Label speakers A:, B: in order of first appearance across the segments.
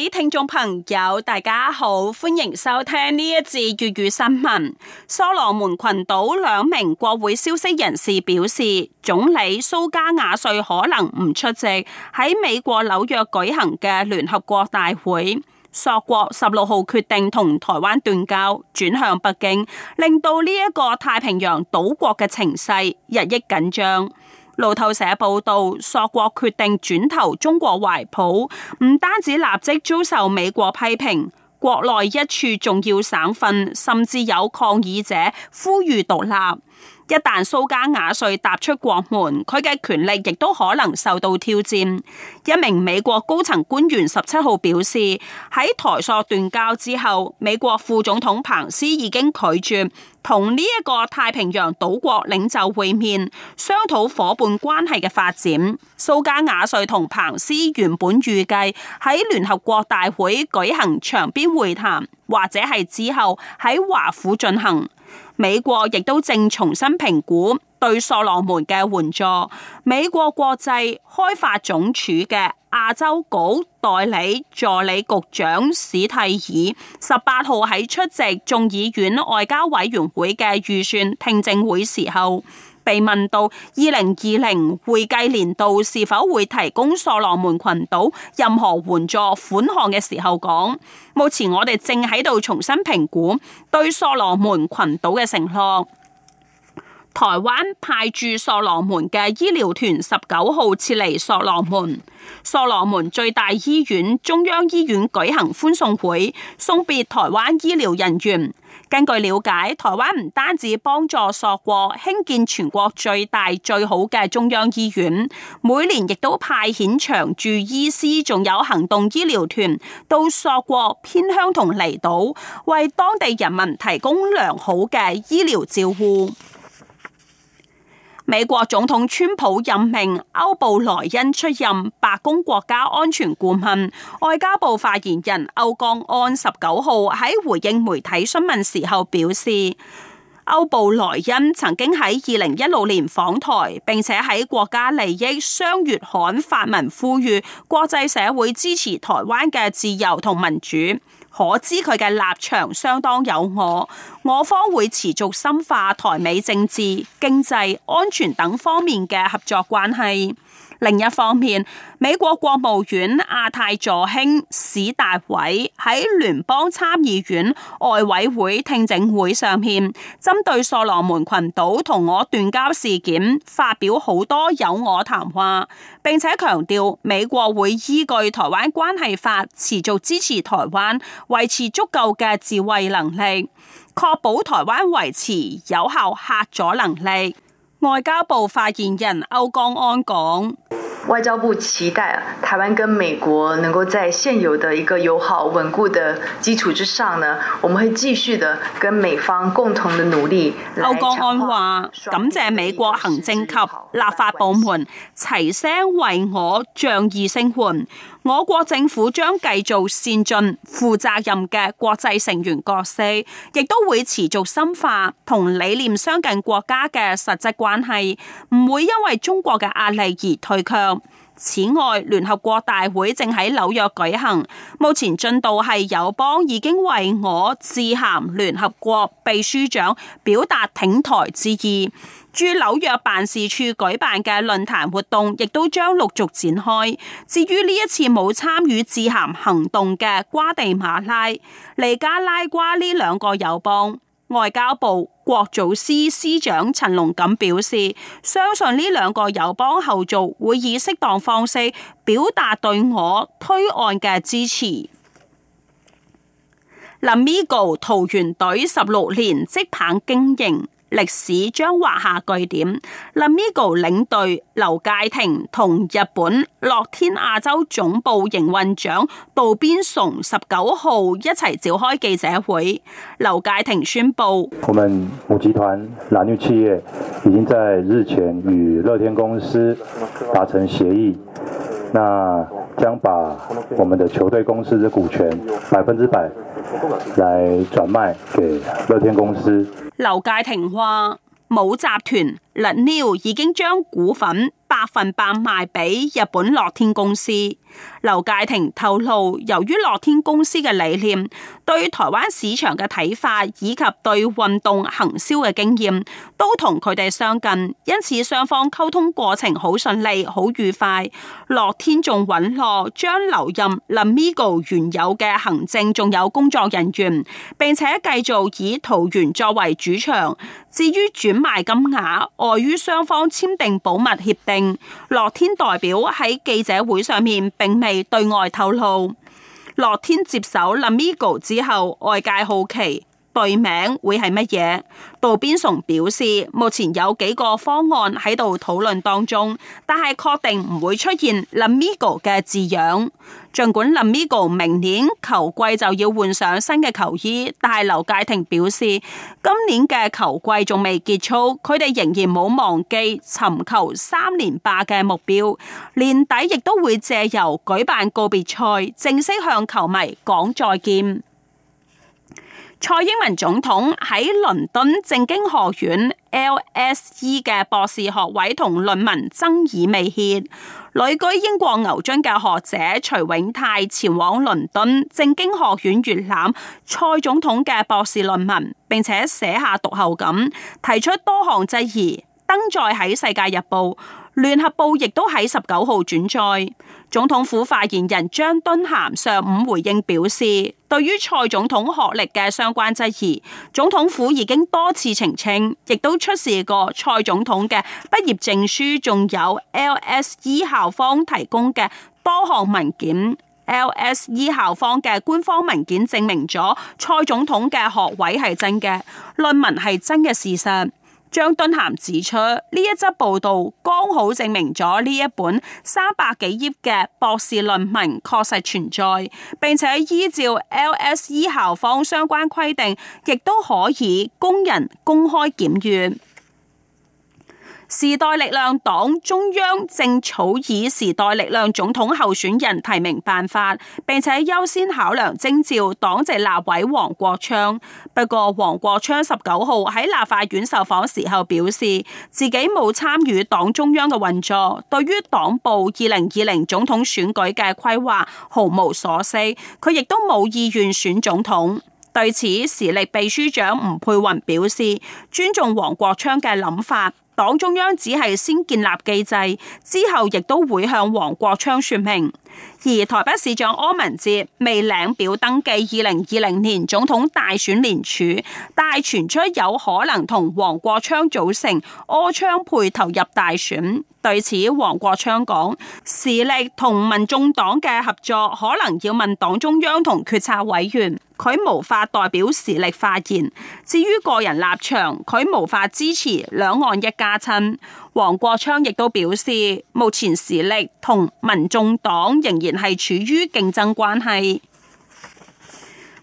A: 各位聽眾朋友，大家好，歡迎收聽呢一節粵語新聞。索羅門群島兩名國會消息人士表示，總理蘇加瓦瑞可能唔出席喺美國紐約舉行嘅聯合國大會。索國十六號決定同台灣斷交，轉向北京，令到呢一個太平洋島國嘅情勢日益緊張。路透社報道，索國決定轉投中國懷抱，唔單止立即遭受美國批評，國內一處重要省份甚至有抗議者呼籲獨立。一旦蘇嘉瓦瑞踏出國門，佢嘅權力亦都可能受到挑戰。一名美國高層官員十七號表示，喺台索斷交之後，美國副總統彭斯已經拒絕同呢一個太平洋島國領袖會面，商討伙伴關係嘅發展。蘇嘉瓦瑞同彭斯原本預計喺聯合國大會舉行場邊會談，或者係之後喺華府進行。美國亦都正重新評估對索羅門嘅援助。美國國際開發總署嘅亞洲局代理助理局長史蒂爾，十八號喺出席眾議院外交委員會嘅預算聽證會時候，被問到二零二零會計年度是否會提供索羅門群島任何援助款項嘅時候，講：目前我哋正喺度重新評估對索羅門群島嘅承諾。台灣派駐索羅門嘅醫療團十九號撤離索羅門，索羅門最大醫院中央醫院舉行歡送會，送別台灣醫療人員。根據了解，台灣唔單止幫助索國興建全國最大最好嘅中央醫院，每年亦都派遣長駐醫師，仲有行動醫療團到索國偏鄉同離島，為當地人民提供良好嘅醫療照顧。美國總統川普任命歐布萊恩出任白宮國家安全顧問，外交部發言人歐江安十九號喺回應媒體詢問時候表示，歐布萊恩曾經喺二零一六年訪台，並且喺國家利益雙月刊發文呼籲國際社會支持台灣嘅自由同民主。可知佢嘅立場相當友我，我方會持續深化台美政治、經濟、安全等方面嘅合作關係。另一方面，美國國務院亞太助卿史達偉喺聯邦參議院外委會聽證會上面針對索羅門群島同我斷交事件發表好多友我談話，並且強調美國會依據《台灣關係法》持續支持台灣，維持足夠嘅自衛能力，確保台灣維持有效嚇阻能力。外交部發言人歐江安講：，外交部期待台灣跟美國能夠在現有的一個友好穩固的基礎之上呢，我們會繼續的跟美方共同的努力。歐江安話：，感謝美國行政及立法部門齊聲為我仗義聲援。我國政府將繼續善盡負責任嘅國際成員角色，亦都會持續深化同理念相近國家嘅實質關係，唔會因為中國嘅壓力而退卻。此外，聯合國大會正喺紐約舉行，目前進度係友邦已經為我致函聯合國秘書長，表達挺台之意。駐紐約辦事處舉辦嘅論壇活動亦都將陸續展開。至於呢一次冇參與致函行動嘅瓜地馬拉、尼加拉瓜呢兩個友邦。外交部國組司司長陳龍錦表示，相信呢兩個友邦後續會以適當方式表達對我推案嘅支持。Lamigo 桃猿隊十六年即棒經營。歷史將劃下句點。Lamigo 領隊劉介廷同日本樂天亞洲總部營運長渡邊崇十九號一齊召開記者會。劉介廷宣布：我們母集團藍鳥企業已經在日前與樂天公司達成協議，那將把我們的球隊公司的股權百分之百。來轉賣給樂天公司。劉介廷話：武集團立 new 已經將股份百分百賣俾日本樂天公司。劉介廷透露，由於樂天公司嘅理念、對台灣市場嘅睇法以及對運動行銷嘅經驗都同佢哋相近，因此雙方溝通過程好順利、好愉快。樂天仲允諾將留任 Lamigo 原有嘅行政仲有工作人員，並且繼續以桃園作為主場。至於轉賣金額，礙、呃、於雙方簽訂保密協定，樂天代表喺記者會上面並。未對外透露，樂天接手 Lamigo 之後外界好奇，隊名會係乜嘢？杜邊雄表示，目前有幾個方案喺度討論當中，但係確定唔會出現林 g o 嘅字樣。盡管林 g o 明年球季就要換上新嘅球衣，但係劉介廷表示，今年嘅球季仲未結束，佢哋仍然冇忘記尋求三連霸嘅目標。年底亦都會借由舉辦告別賽，正式向球迷講再見。蔡英文總統喺倫敦政經學院 LSE 嘅博士學位同論文爭議未歇，旅居英國牛津嘅學者徐永泰前往倫敦政經學院閲覽蔡總統嘅博士論文，並且寫下讀後感，提出多項質疑，登載喺《世界日報》。聯合報亦都喺十九號轉載，總統府發言人張敦涵上午回應表示，對於蔡總統學歷嘅相關質疑，總統府已經多次澄清，亦都出示過蔡總統嘅畢業證書，仲有 LSE 校方提供嘅多項文件，LSE 校方嘅官方文件證明咗蔡總統嘅學位係真嘅，論文係真嘅事實。張敦涵指出，呢一則報道剛好證明咗呢一本三百幾頁嘅博士論文確實存在，並且依照 LSE 校方相關規定，亦都可以供人公開檢閱。時代力量黨中央正草擬時代力量總統候選人提名辦法，並且優先考量徵召黨籍立委黃國昌。不過，黃國昌十九號喺立法院受訪時候表示，自己冇參與黨中央嘅運作，對於黨部二零二零總統選舉嘅規劃毫無所思。佢亦都冇意願選總統。對此，時力秘書長吳佩雲表示，尊重黃國昌嘅諗法。黨中央只係先建立機制，之後亦都會向黃國昌說明。而台北市長柯文哲未領表登記二零二零年總統大選連署，但係傳出有可能同黃國昌組成柯昌配投入大選。對此，黃國昌講：時力同民眾黨嘅合作可能要問黨中央同決策委員，佢無法代表時力發言。至於個人立場，佢無法支持兩岸一家親。黃國昌亦都表示，目前時力同民眾黨仍然係處於競爭關係。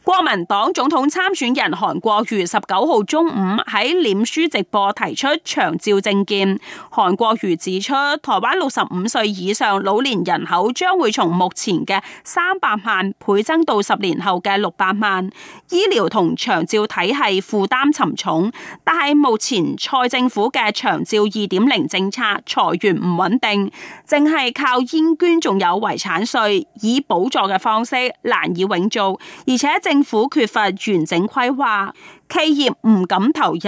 A: 國民黨總統參選人韓國瑜十九號中午喺臉書直播提出長照政見。韓國瑜指出，台灣六十五歲以上老年人口將會從目前嘅三百萬倍增到十年後嘅六百萬，醫療同長照體係負擔沉重。但係目前蔡政府嘅長照二點零政策財源唔穩定，淨係靠煙捐仲有遺產稅以補助嘅方式難以永續，而且政政府缺乏完整規劃，企業唔敢投入。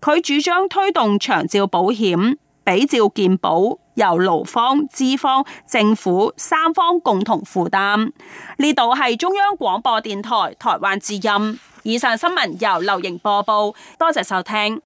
A: 佢主張推動長照保險，比照健保，由勞方、資方、政府三方共同負擔。呢度係中央廣播電台台灣之音。以上新聞由劉瑩播報，多謝收聽。